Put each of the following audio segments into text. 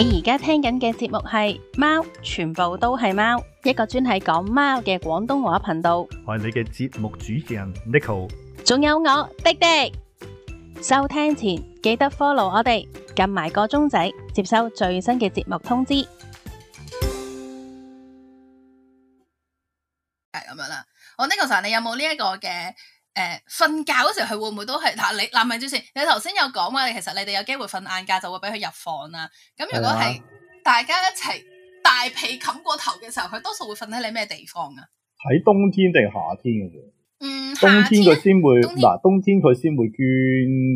你而家聽緊嘅節目係貓，全部都係貓，一個專係講貓嘅廣東話頻道。我係你嘅節目主持人 Neko，仲有我廸廸。收聽前記得 follow 我哋，撳埋個鐘仔，接收最新嘅節目通知。係咁樣啦。我 Neko Ching，你有冇呢一個嘅？誒，瞓、呃、覺嗰時佢會唔會都係嗱、啊？你嗱，咪住先。你頭先有講話，其實你哋有機會瞓晏覺就會俾佢入房啦。咁如果係大家一齊大被冚過頭嘅時候，佢多數會瞓喺你咩地方啊？喺冬天定夏天嘅？嗯，冬冬天，冬天佢先會嗱，冬天佢先會捐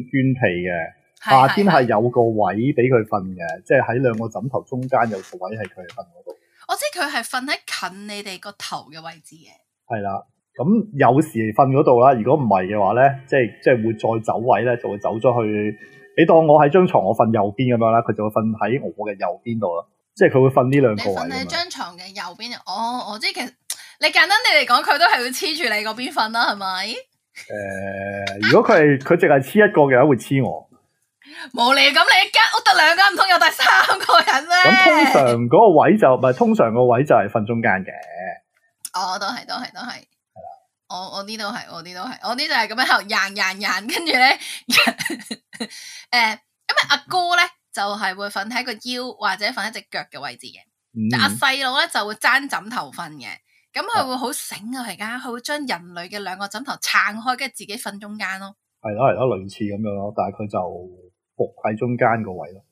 捐被嘅。的夏天係有個位俾佢瞓嘅，即係喺兩個枕頭中間有個位係佢瞓嗰度。我知佢係瞓喺近你哋個頭嘅位置嘅。係啦。咁、嗯、有時瞓嗰度啦，如果唔係嘅話咧，即係即係會再走位咧，就會走咗去。你當我喺張床，我瞓右邊咁樣啦，佢就會瞓喺我嘅右邊度啦。即係佢會瞓呢兩個位。瞓喺張床嘅右邊。哦，我知其實你簡單地嚟講，佢都係會黐住你嗰邊瞓啦，係咪？誒、呃，如果佢係佢淨係黐一個嘅話，會黐我。無理咁，你一間屋得兩間，唔通有第三個人咩？咁通常嗰個位就唔係，通常個位就係瞓中間嘅。哦，都係，都係，都係。都我我呢度係，我呢度係，我呢度係咁樣喺度硬硬硬，跟住咧，誒、 欸，因為阿哥咧就係、是、會瞓喺個腰或者瞓喺隻腳嘅位置嘅，嗯嗯，但係阿細佬咧就會爭枕頭瞓嘅，咁佢會好醒啊，係㗎，佢會將人類嘅兩個枕頭撐開，跟住自己瞓中間咯。係咯係咯，類似咁樣咯，但係佢就伏喺中間個位咯。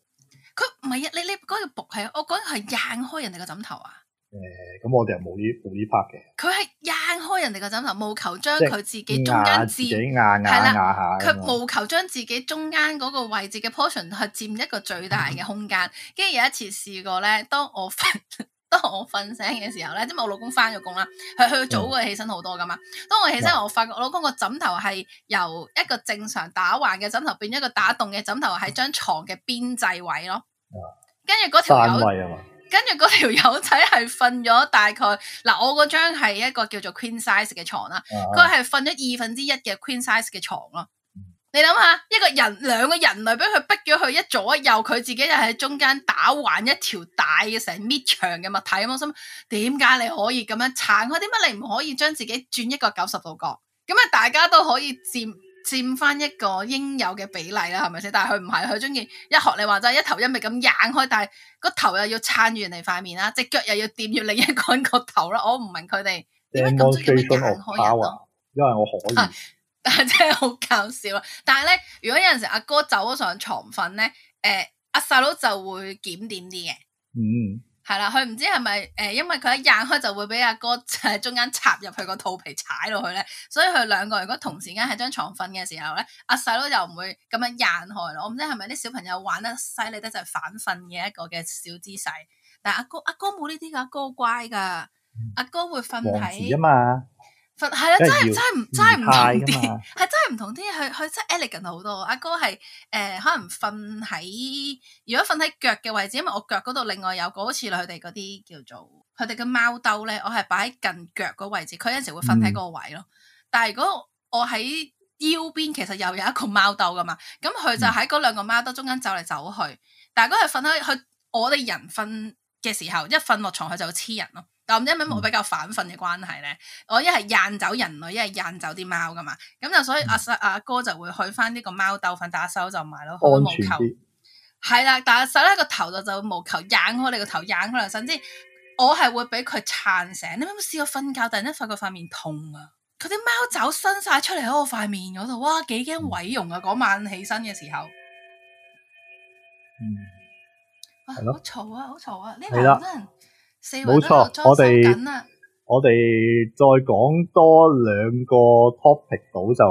佢唔係啊，你你嗰個伏喺，我嗰個係硬開人哋個枕頭啊。誒，咁我哋係冇呢冇呢 part 嘅。佢係硬開人哋個枕頭，務求將佢自己中間自己硬硬下，佢務求將自己中間嗰個位置嘅 portion 去佔一個最大嘅空間。跟住有一次試過咧，當我瞓當我瞓醒嘅時候咧，因為我老公翻咗工啦，佢佢早我起身好多噶嘛。當我起身，我發覺我老公個枕頭係由一個正常打橫嘅枕頭變一個打洞嘅枕頭，喺張床嘅邊際位咯。跟住嗰條位。啊嘛。跟住嗰條友仔係瞓咗大概嗱，我嗰張係一個叫做 queen size 嘅床啦，佢係瞓咗二分之一嘅 queen size 嘅床咯。你諗下，一個人兩個人類俾佢逼咗去一左一右，佢自己就喺中間打橫一條大嘅成米長嘅物體。我心點解你可以咁樣撐開？點解你唔可以將自己轉一個九十度角？咁啊，大家都可以佔。佔翻一個應有嘅比例啦，係咪先？但係佢唔係，佢中意一學你話齋，一頭一尾咁硬開，但係個頭又要撐住人哋塊面啦，隻腳又要掂住另一個人個頭啦。我唔明佢哋點解咁中意掹開，為麼麼，因為我可以。但係、啊、真係好搞笑。但係咧，如果有陣時阿哥走咗上床瞓咧，誒、呃，阿細佬就會檢點啲嘅。嗯。係啦，佢唔知係咪誒，因為佢一硬開就會俾阿哥就喺 中間插入去個肚皮踩落去咧，所以佢兩個如果同時間喺張床瞓嘅時候咧，阿細佬又唔會咁樣硬開咯。我唔知係咪啲小朋友玩得犀利得就係、是、反瞓嘅一個嘅小姿勢，但阿哥阿哥冇呢啲㗎，阿哥，哥乖㗎，阿、嗯、哥會瞓喺。係啊，真係真係唔真係唔同啲，係真係唔同啲。佢佢真係 elegant 好多。阿哥係誒、呃，可能瞓喺如果瞓喺腳嘅位置，因為我腳嗰度另外有個好似佢哋嗰啲叫做佢哋嘅貓兜咧，我係擺喺近腳嗰位置。佢有陣時會瞓喺嗰個位咯。嗯、但係如果我喺腰邊，其實又有一個貓兜噶嘛。咁佢就喺嗰兩個貓兜中間走嚟走去。但係如果佢瞓喺佢我哋人瞓嘅時候，一瞓落床佢就會黐人咯。咁因為冇比較反瞓嘅關係咧，我一係掗走人類，一係掗走啲貓噶嘛，咁就所以阿阿哥就會去翻呢個貓兜瞓打手就埋咯，好毛球。係啦，但阿實咧個頭就就毛球掗開你個頭，掗開嚟，甚至我係會俾佢撐醒。你有冇試過瞓覺突然間發覺塊面痛啊！佢啲貓爪伸晒出嚟喺我塊面嗰度，哇！幾驚毀容啊！嗰晚起身嘅時候，嗯，啊、的好嘈啊，好嘈啊！呢度好人。的冇錯，我哋我哋再講多兩個 topic 到就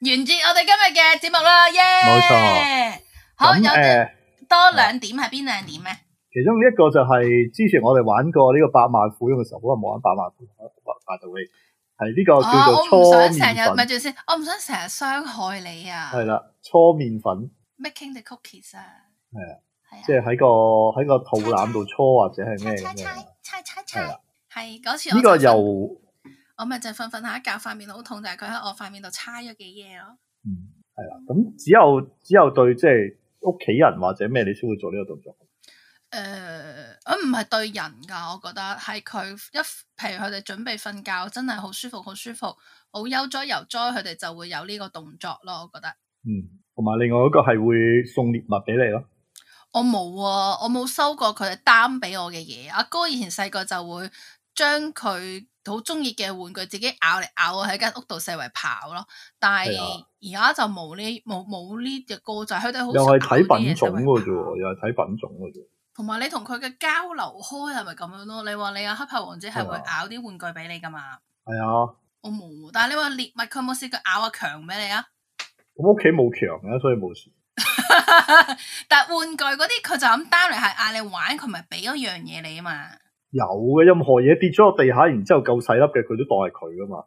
完結我哋今日嘅節目啦，耶！冇錯，好，有多兩點係邊兩點咧？其中呢一個就係之前我哋玩過呢個百萬富翁嘅時候，好耐冇玩百萬富翁 by the way，係呢個叫做搓麵粉。我唔想成日咪住先，我唔想成日傷害你啊！係啦，搓麵粉。Making the cookies 啊？係啊。即係喺個喺個肚腩度搓或者係咩嘅，猜猜猜猜，係啦，係嗰次呢個又我咪就瞓瞓下一覺，塊面好痛，就係佢喺我塊面度猜咗幾嘢咯。嗯，係啦，咁只有只有對即係屋企人或者咩你先會做呢個動作。誒，我唔係對人噶，我覺得係佢一，譬如佢哋準備瞓覺，真係好舒服，好舒服，好悠哉游哉，佢哋就會有呢個動作咯。我覺得嗯，同埋另外一個係會送獵物俾你咯。我冇啊！我冇收過佢哋擔俾我嘅嘢。阿哥，哥以前細個就會將佢好中意嘅玩具自己咬嚟咬，喺間屋度四圍跑咯。但係而家就冇呢，冇冇呢隻哥仔，佢哋好又係睇品種嘅啫，哥哥哥又係睇品種嘅啫。同埋你同佢嘅交流開係咪咁樣咯？你話你阿黑豹王子係會咬啲玩具俾你噶嘛？係啊，我冇。但係你話獵物佢冇試過咬阿強俾你啊？我屋企冇強嘅，所以冇事。 但玩具嗰啲佢就咁 down 嚟，係嗌你玩，佢咪俾嗰樣嘢你啊嘛？有嘅，任何嘢跌咗落地下，然之後夠細粒嘅，佢都當係佢噶嘛？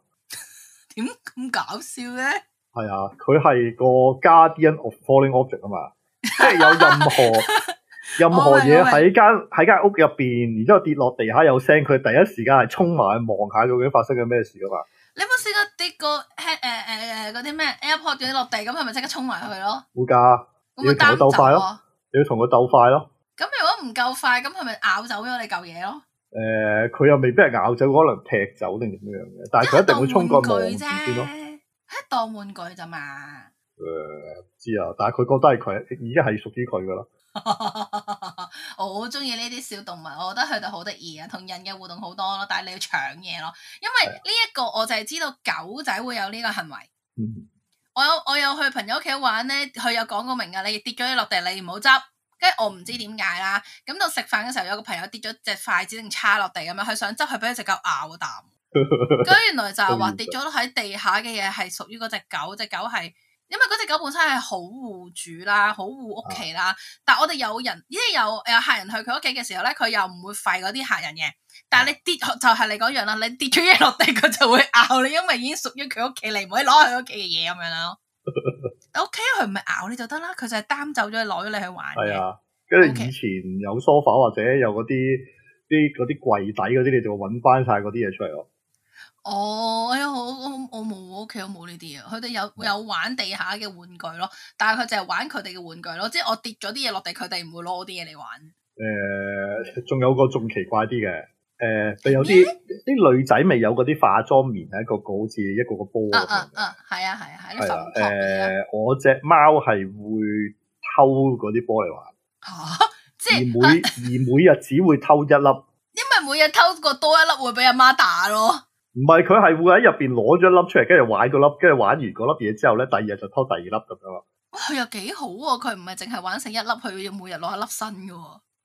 點咁 搞笑咧？係啊，佢係個 guardian of falling object 啊嘛，即係有任何 任何嘢喺間喺間屋入邊，然之後跌落地下有聲，佢第一時間係衝埋去望下究竟發生緊咩事㗎嘛？你冇事。個誒誒、呃、誒嗰、呃、啲咩、啊、AirPod 跌落地咁，佢咪即刻衝埋去咯？會噶、啊，你要鬥快咯，啊、你要同佢鬥快咯。咁如果唔夠快，咁佢咪咬走咗你嚿嘢咯？誒、呃，佢又未必係咬走，可能踢走定點樣嘅。但係佢一定會衝過佢。見到一當玩具咋嘛？啊誒，嗯、知啊，但係佢覺得係佢，而家係屬於佢噶咯。 我好中意呢啲小動物，我覺得佢哋好得意啊，同人嘅互動好多咯，但係你要搶嘢咯。因為呢一個，我就係知道狗仔會有呢個行為。嗯、我有我有去朋友屋企玩咧，佢有講過明噶，你跌咗啲落地，你唔好執。跟住我唔知點解啦。咁到食飯嘅時候，有個朋友跌咗隻筷子定叉落地咁樣，佢想執去俾隻狗咬一啖。咁 原來就係話跌咗喺地下嘅嘢係屬於嗰隻狗，隻狗係。因為嗰隻狗本身係好護主啦，好護屋企啦。啊、但係我哋有人，即係有有客人去佢屋企嘅時候咧，佢又唔會吠嗰啲客人嘅。但係你跌就係你嗰樣啦，你跌咗嘢落地，佢就會咬你，因為已經屬於佢屋企你唔可以攞佢屋企嘅嘢咁樣咯。O K，佢唔係咬你就得啦，佢就係擔走咗，攞咗你去玩。係啊，跟住以前有梳化或者有嗰啲啲嗰啲櫃底嗰啲，你就搵翻晒嗰啲嘢出嚟咯。哦，哎呀，我我我冇，屋企都冇呢啲啊。佢哋有有玩地下嘅玩具咯，但係佢淨係玩佢哋嘅玩具咯。即係我跌咗啲嘢落地，佢哋唔會攞啲嘢嚟玩。誒、呃，仲有個仲奇怪啲嘅，誒、呃，有啲啲咦女仔咪有嗰啲化妝棉喺個，一個好似一個個波嗰度。嗯係啊係啊係。誒、呃，我隻貓係會偷嗰啲波嚟玩。吓、啊，即係每 而每日只會偷一粒。 因為每日偷過多一粒，會俾阿媽打咯。唔係，佢係會喺入邊攞咗一粒出嚟，跟住玩嗰粒，跟住玩完嗰粒嘢之後咧，第二日就偷第二粒咁樣。佢又幾好喎、啊，佢唔係淨係玩成一粒，佢要每日攞一粒新噶。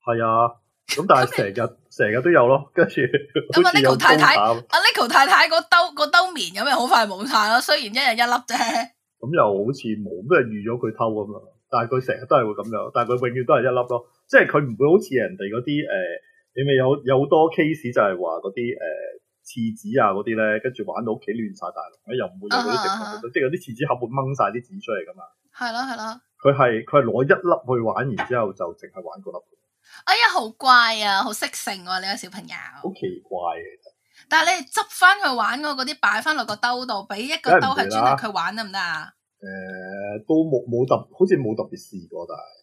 係啊，咁但係成日成日都有咯，跟住。咁阿 Nico 太太，阿 Nico 太太嗰兜嗰兜棉咁又好快冇晒咯。雖然一日一粒啫。咁又好似冇咩預咗佢偷咁啊？但係佢成日都係會咁樣，但係佢永遠都係一粒咯。即係佢唔會好似人哋嗰啲誒，你、呃、咪有有好多 case 就係話嗰啲誒。呃就是廁紙啊嗰啲咧，跟住玩到屋企亂晒大龍，又唔會有嗰啲、啊啊啊啊啊、即係有啲廁紙盒會掹晒啲紙出嚟噶嘛。係咯係咯，佢係佢係攞一粒去玩，然之後就淨係玩嗰粒。哎呀，好怪啊，好識性喎，你個小朋友。好奇怪嘅，其實但係你執翻去玩嗰嗰啲擺翻落個兜度，俾一個兜係專登佢玩得唔得啊？誒、呃，都冇冇特，好似冇特別試過，但係。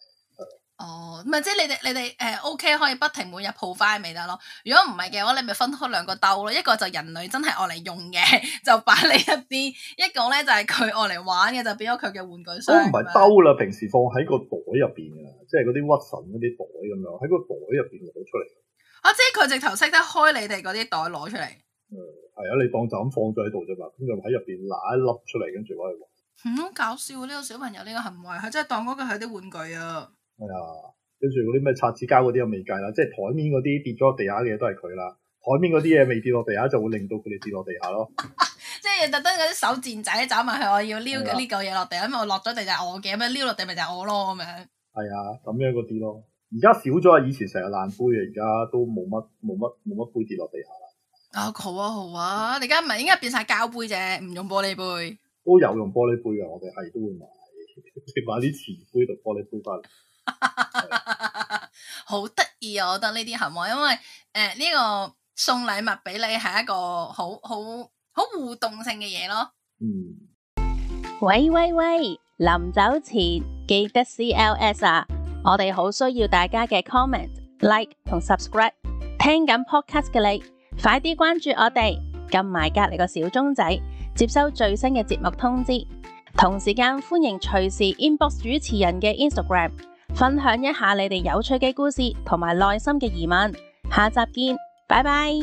哦，咪即係你哋你哋誒，OK 可以不停每日鋪翻咪得咯。如果唔係嘅話，你咪分開兩個兜咯。一個就人類真係愛嚟用嘅， 就擺你一啲，一個咧就係佢愛嚟玩嘅，就變咗佢嘅玩具箱。唔係兜啦，平時放喺個袋入邊啊，嗯、即係嗰啲屈臣嗰啲袋咁樣，喺個袋入邊攞出嚟。啊，即係佢直頭識得開你哋嗰啲袋攞出嚟。嗯，係啊，你當就咁放咗喺度啫嘛，咁就喺入邊揦一粒出嚟，跟住我嚟好搞笑呢、呢個小朋友呢個行為，係真係當嗰個係啲玩具啊！係啊，跟住嗰啲咩擦紙膠嗰啲又未計啦，即係台面嗰啲跌咗地下嘅嘢都係佢啦。台面嗰啲嘢未跌落地下，就會令到佢哋跌落地下咯。 即係特登嗰啲手賤仔走埋去，我要撩呢嚿嘢落地下，因為我落咗地就係我嘅，咁樣撩落地咪就係我咯咁、哎、樣。係啊，咁樣嗰啲咯。而家少咗啊，以前成日爛杯啊，而家都冇乜冇乜冇乜杯跌落地下啦。啊好啊好啊，你而家唔係應該變晒膠杯啫，唔用玻璃杯。都有用玻璃杯噶，我哋係都會買， 買啲瓷杯同玻璃杯翻嚟。好得意啊！ 我覺得呢啲行為，因為誒呢、呃這個送禮物俾你係一個好好好互動性嘅嘢咯。嗯、喂喂喂，臨走前記得 C L S 啊！我哋好需要大家嘅 comment、like 同 subscribe。聽緊 podcast 嘅你，快啲關注我哋，撳埋隔籬個小鐘仔，接收最新嘅節目通知。同時間歡迎隨時 inbox 主持人嘅 Instagram。分享一下你哋有趣嘅故事同埋內心嘅疑問，下集見，拜拜。